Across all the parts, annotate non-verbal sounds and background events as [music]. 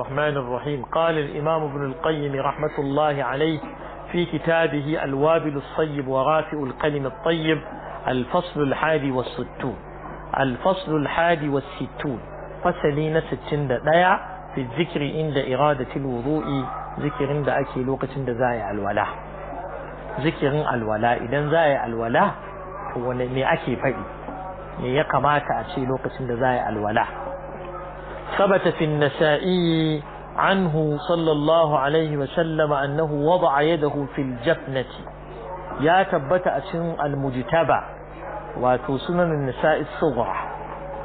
الرحمن الرحيم قال الإمام ابن القيم رحمة الله عليه في كتابه الوابل الصيب ورافع القلم الطيب الفصل الحادي والستون الفصل الحادي والستون فسلين ستين دايع في الذكر عند إرادة الوضوء ذكر عند أكي لوقة زايع الولاء ذكر الولاء إذا زايع الولاء هو أكي فدي يقمات أشي لوقة زايع الولاء ثبت في النسائي عنه صلى الله عليه وسلم أنه وضع يده في الجفنة يا تبت أسن المجتبع وتوسنن النساء الصغرى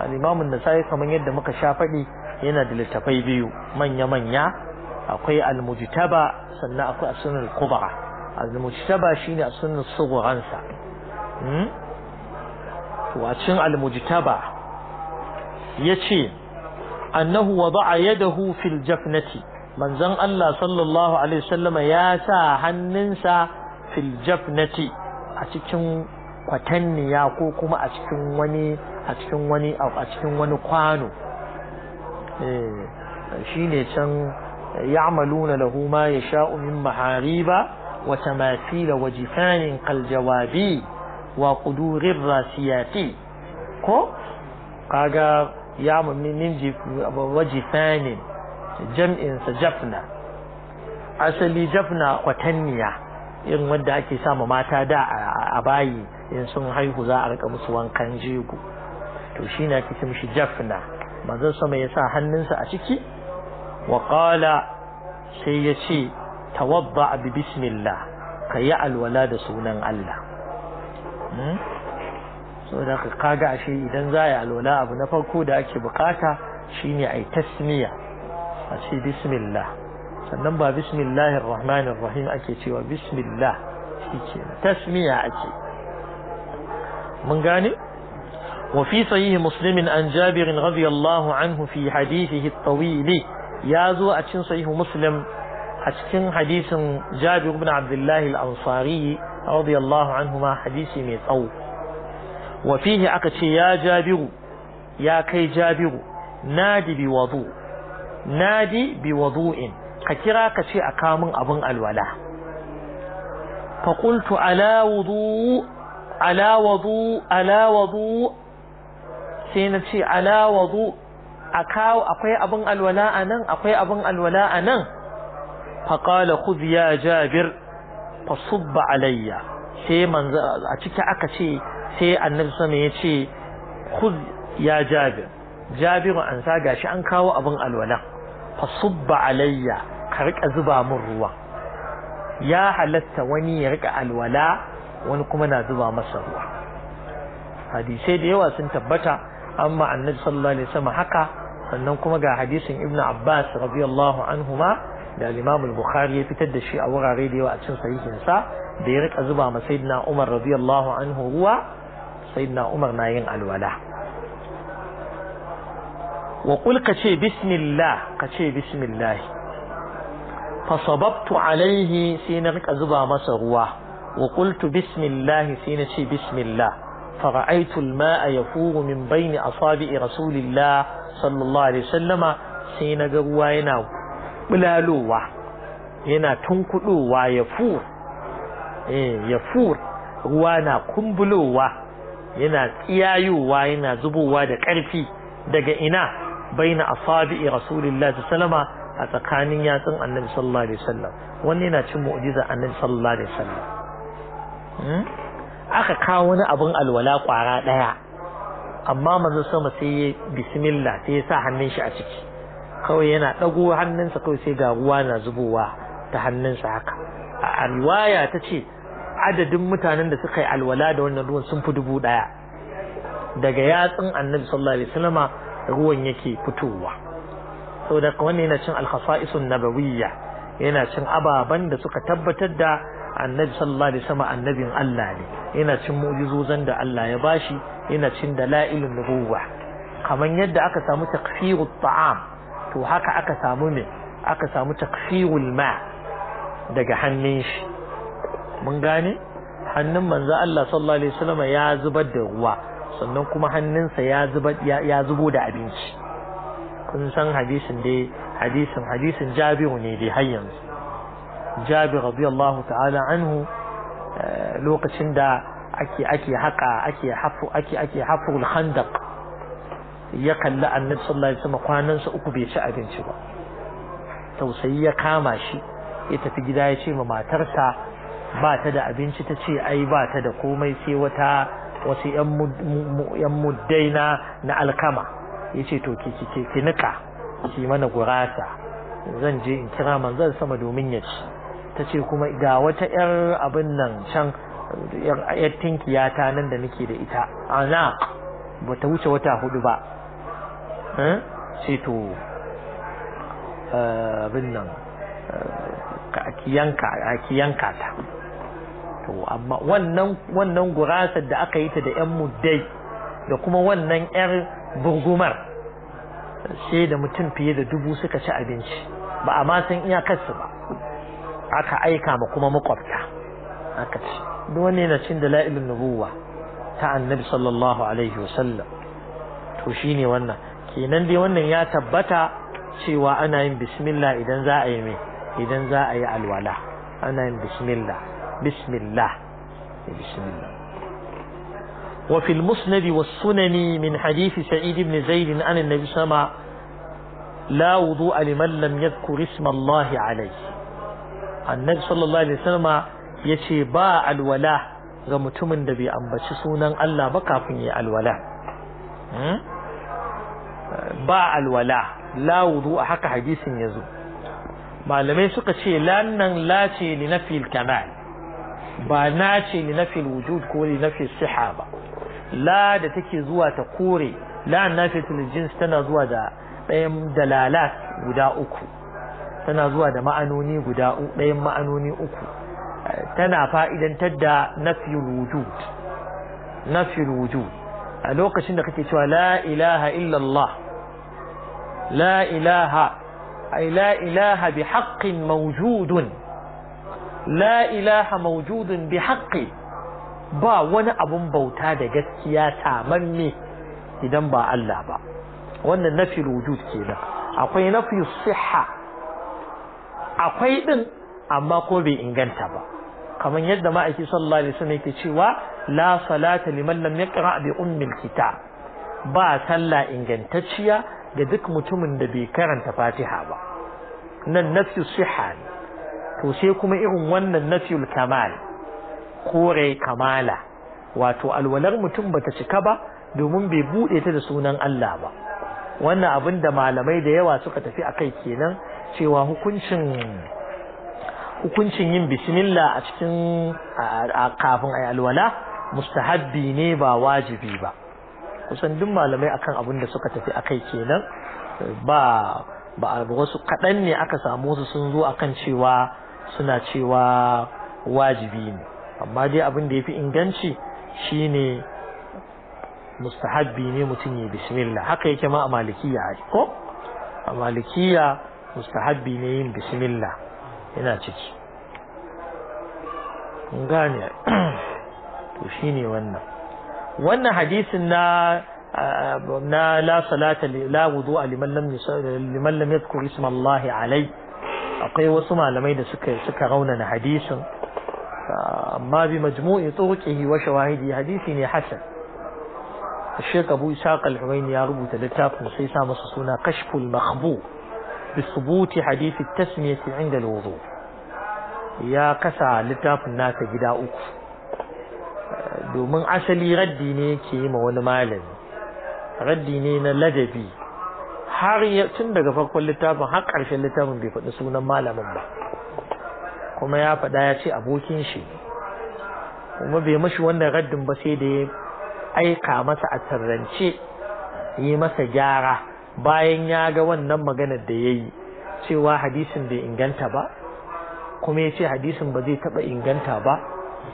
الإمام النسائي كما يد مكشافني هنا دلتفي بيو من يمن أقوي المجتبع سنة أقوي أسن القبعة المجتبع شين أسن الصغرى أنسى وأسن المجتبع يتشين annahu wada'a yadahu fil jafnati manzon Allah sallallahu alaihi sallama ya sa hannunsa fil jafnati a cikin kwatanniya ko kuma a cikin wani a cikin wani a cikin wani kwano eh shine can ya'maluna lahu ma yasha'u min mahariba wa tamathila wa jifanin qal jawabi wa qudurir rasiyati ko kaga ya mummi min waje jam'in jam'insa jafna asali jafna kwatanniya irin wanda ake sama mata da a bayi in sun haihu za a rika musu wankan jego to shi na ake mishi jafna manzon sama ya sa hannunsa a ciki wa qala sai ya ce tawadda bi bismillah kayi alwala da sunan Allah hmm? saboda ka kaga ashe idan za a alwala abu na farko da ake bukata shine ai tasmiya a ce bismillah sannan ba bismillahir rahmanir rahim ake cewa bismillah shike tasmiya ake mun gane وفي صحيح مسلم عن جابر رضي الله عنه في حديثه الطويل يازو أتشن صحيح مسلم أتشن حديث جابر بن عبد الله الأنصاري رضي الله عنهما حديث ميت أو wa fihi aka ce ya jabiru ya kai jabiru nadi bi wudu nadi bi wudu'in ka kira ka ce a kamun abin alwala fa qultu ala wudu ala wudu ala wudu sai na ce ala wudu akawo akwai abin alwala anan akwai abin alwala anan fa qala khudh ya jabir fa subba alayya sai manzo a cikin aka ce sai annabi sama ya ce khudh ya jabir jabiru an sa gashi an kawo abin alwala fa subba alayya ka rika zuba min ruwa ya halatta wani ya rika alwala wani kuma na zuba masa ruwa hadisai da yawa sun tabbata amma annabi sallallahu alaihi wasallam haka sannan kuma ga hadisin ibnu abbas radiyallahu anhuma da al-imam al-bukhari ya fitar da shi a wurare da yawa a cikin sahihinsa da ya rika zuba ma sayyidina umar radiyallahu anhu ruwa sayyidina Umar na yin alwala wa qul ka ce bismillah ka ce bismillah fa sababtu alaihi sai na rika zuba masa ruwa wa qultu bismillah sai na ce bismillah fa ra'aytu al-ma'a yafuru min bayni asabi'i rasulillah sallallahu alaihi wasallama sai na ga ruwa yana bulalowa yana tunkudowa yafur eh yafur ruwa na kumbulowa yana tsiyayowa yana zubowa da ƙarfi daga ina baina asabi'i rasulillahi sallama a tsakanin yatsun annabi sallallahu alaihi wasallam wani yana cin mu'jiza annabi sallallahu alaihi wasallam hmm? aka kawo wani abun alwala kwara daya amma manzo sama sai ya bismillah sai ya sa hannun shi a ciki kawai yana dago hannunsa kawai sai ga ruwa na zubowa ta hannunsa haka a riwaya ta ce adadin mutanen da suka yi alwala da wannan ruwan sun fi dubu ɗaya daga yatsun annabi sallallahu alaihi wasallama ruwan yake fitowa saboda wannan yana cin alkhasa'isun nabawiyya yana cin ababan da suka tabbatar da annabi sallallahu alaihi wasallama annabin Allah ne yana cin mu'jizozan da Allah ya bashi yana cin dalailun nubuwa kamar yadda aka samu takfirut ta'am to haka aka samu ne aka samu takfirul ma daga hannun shi mun gane hannun manzo Allah sallallahu alaihi wasallam ya zubar da ruwa sannan kuma hannunsa ya zubar ya zubo da abinci kun san hadisin dai hadisin hadisin Jabiru ne da har yanzu Jabir radiyallahu ta'ala anhu eh, lokacin da ake ake haka ake hafu ake ake al-handaq ya kalli annabi sallallahu alaihi wasallam kwanansa uku bai ci abinci ba tausayi ya kama shi ya tafi gida ya ce ma matarsa ba ta da abinci ta ce ai ba ta da komai sai wata wasu yan muddai na na alkama ya ce to ki ke ki ki mana gurasa zan je in kira zan sama domin ya ci ta ce kuma ga wata yar abin nan can yar tinkiya ta nan da nake da ita ana ba ta wuce wata hudu ba eh? sai to eh, abin nan eh, a yanka ta to amma wannan wannan gurasar da aka yi ta da yan muddai da kuma wannan yar burgumar sai da mutum fiye da dubu suka ci abinci ba a ma san iyakarsu ba aka aika ma kuma makwabta aka ci duk wani yana cin dalailun nubuwa ta annabi sallallahu alaihi wasallam to shine wannan kenan dai wannan ya tabbata cewa ana yin bismillah idan za a yi mai idan za a yi alwala ana yin bismillah بسم الله بسم الله وفي المسند والسنن من حديث سعيد بن زيد عن النبي صلى الله عليه وسلم لا وضوء لمن لم يذكر اسم الله عليه النبي صلى الله عليه وسلم يتي باع الولاء ga mutumin da bai ambaci sunan Allah ba kafin ya alwala ba alwala la wudu a haka hadisin ya zo malamai suka ce lannan la ce li nafil kamal ba na ce li nafi wujud ko li nafi siha ba la da take zuwa ta kore la nafi jins tana zuwa da dayan dalalat guda uku tana zuwa da ma'anoni guda dayan ma'anoni uku tana fa'idantar da nafi wujud nafi wujud a lokacin da kake cewa la ilaha illa allah la ilaha ay la ilaha bi haqqin mawjudun la ilaha maujudin bi haqqi ba wani abun bauta da gaskiya tamanne idan ba Allah ba wannan nafi wujud kenan akwai nafi siha akwai ɗin amma ko bai inganta ba kamar yadda ma'aiki sallallahu alaihi wasallam yake cewa la salata liman lam yaqra bi ummil kitab ba sallah ingantacciya da duk mutumin da bai karanta Fatiha ba nan nafi siha ne to sai kuma irin wannan nafiyul kamal kore kamala wato alwalar mutum bata cika ba domin bai bude ta da sunan Allah ba wannan abin da malamai da yawa suka tafi akai kenan cewa hukuncin hukuncin yin bismillah a cikin kafin ayi alwala mustahabbi ne ba wajibi ba kusan duk malamai akan abin da suka tafi akai kenan ba ba wasu kaɗan ne aka samu su sun zo akan cewa suna cewa wajibi ne amma dai abin da ya fi inganci shine mustahabbi ne mutum ya bismillah haka yake ma a malikiya ko a malikiya mustahabbi ne yin bismillah yana ciki gane [clears throat] to shine wannan wannan hadisin na na la salata la wudu'a liman lam liman lam yadhkur isma alai akwai wasu malamai da suka suka raunana hadisin amma bi majmu'i turqihi wa shawahidi hadisi ne hasan Abu Ishaq Al-Humayni ya الشيخ أبو إسحاق الحميني يربو تلتاف مسيسا مصصونا كشف المخبو بثبوت حديث 'inda al-wudu ya kasa littafin nasa gida uku domin asali raddi ne yake yi ma wani malami raddi ne na ladabi har tun daga farkon littafin har ƙarshen littafin bai faɗi sunan malamin ba kuma ya faɗa ya ce abokin shi kuma bai mashi wannan raddin ba sai da ya aika masa a tarrance yi masa gyara bayan ya ga wannan maganar da ya yi cewa hadisin bai inganta ba kuma ya ce hadisin ba zai taɓa inganta ba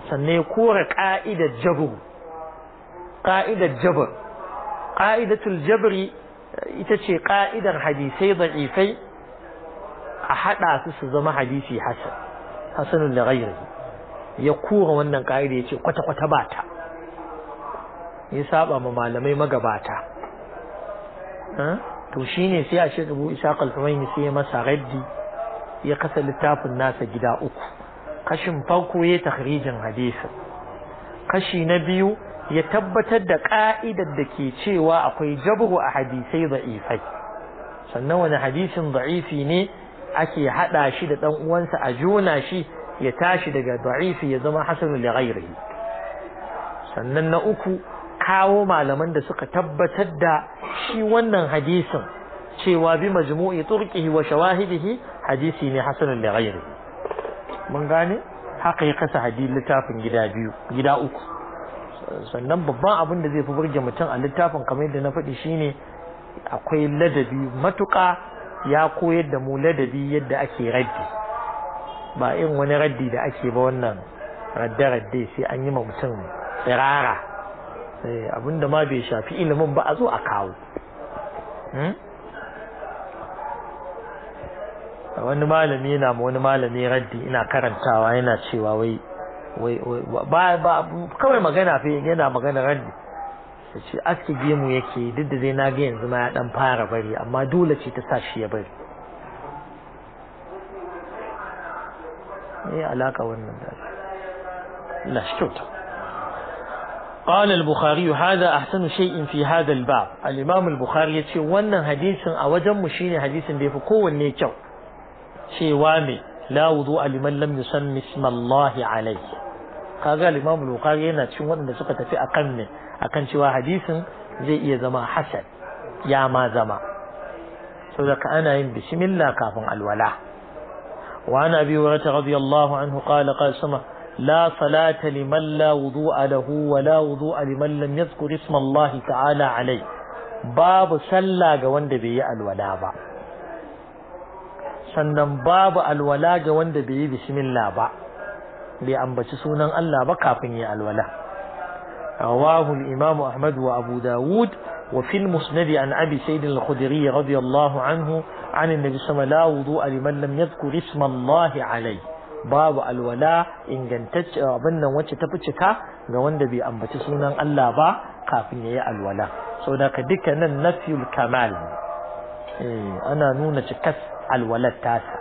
sannan ya kora ƙa'idar jabur ƙa'idar jabur ƙa'idatul ita ce ƙa'idar hadisai da'ifai a haɗa su su zama hadisi hasan hasanun da ghairihi ya kura wannan ƙa'idar ya ce kwata-kwata ba ta ya saba ma malamai magabata to shi ne sai a shiga bu isa ne sai ya masa raddi ya kasa littafin nasa gida uku kashin farko ya tahrijin hadisin kashi na biyu ya tabbatar da ka'idar da ke cewa akwai jabru a hadisai da'ifai sannan wani hadisin da'ifi ne ake hada shi da dan uwansa a juna shi ya tashi daga da'ifi ya zama hasanul li sannan na uku kawo malaman da suka tabbatar da shi wannan hadisin cewa bi majmu'i turqihi wa shawahidihi hadisi ne hasanul li mun gane haka ya kasa hadisi littafin gida biyu gida uku sannan babban abin da zai fi burge mutum a littafin kamar yadda na faɗi shine akwai ladabi matuƙa ya koyar da mu ladabi yadda ake raddi ba in wani raddi da ake ba wannan radde-radde sai an yi ma mutum tsirara eh, abinda ma bai shafi ilimin ba a zo a kawo hmm? wani malami yana ma wani malami raddi ina karantawa yana cewa wai ba kawai magana fi yana magana randi shi aski gemu yake duk da zai na ga yanzu ma ya dan fara bari amma dole ce ta sa shi ya bari ايه علاقه وين لا شكوت قال البخاري هذا احسن شيء في هذا الباب الامام البخاري يتي وانا حديث اوجن مشيني حديث بيف كون ني لا وضوء لمن لم يسمي اسم الله عليه kaga al-Imam Bukhari yana cikin waɗanda suka tafi akan ne akan cewa hadisin zai iya zama Hassan. ya ma zama saboda ka ana yin bismillah kafin alwala wa ana bi wa radiyallahu anhu qala qala "La salata limalla لمن لا wala له ولا وضوء لمن لم يذكر اسم الله ga wanda bai yi alwala ba sannan babu alwala ga wanda bai yi bismillah ba bai ambaci sunan Allah ba kafin ya alwala rawahu al-imam Ahmad wa Abu Dawud wa fi al-musnad an Abi Sa'id al-Khudri radiyallahu anhu an an-nabi sallallahu la wudu'a liman lam yadhkur isma Allah babu alwala ingantacce abin nan wacce ta cika ga wanda bai ambaci sunan Allah ba kafin ya yi alwala saboda ka dukkanin nafiyul kamal eh, ana nuna cikas alwalar tasa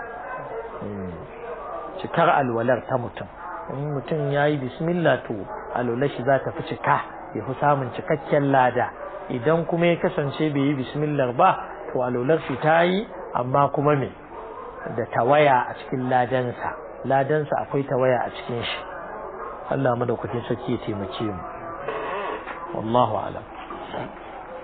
eh, cikar alwalar ta mutum in mutum ya yi bismillah to lola shi za ta fi cika ya fi samun cikakken lada idan kuma ya kasance bai yi bismillah ba to alolar shi ta yi amma kuma me da tawaya a cikin ladansa ladansa akwai tawaya a cikin shi Allah madaukakin saki ya taimake mu wallahu alam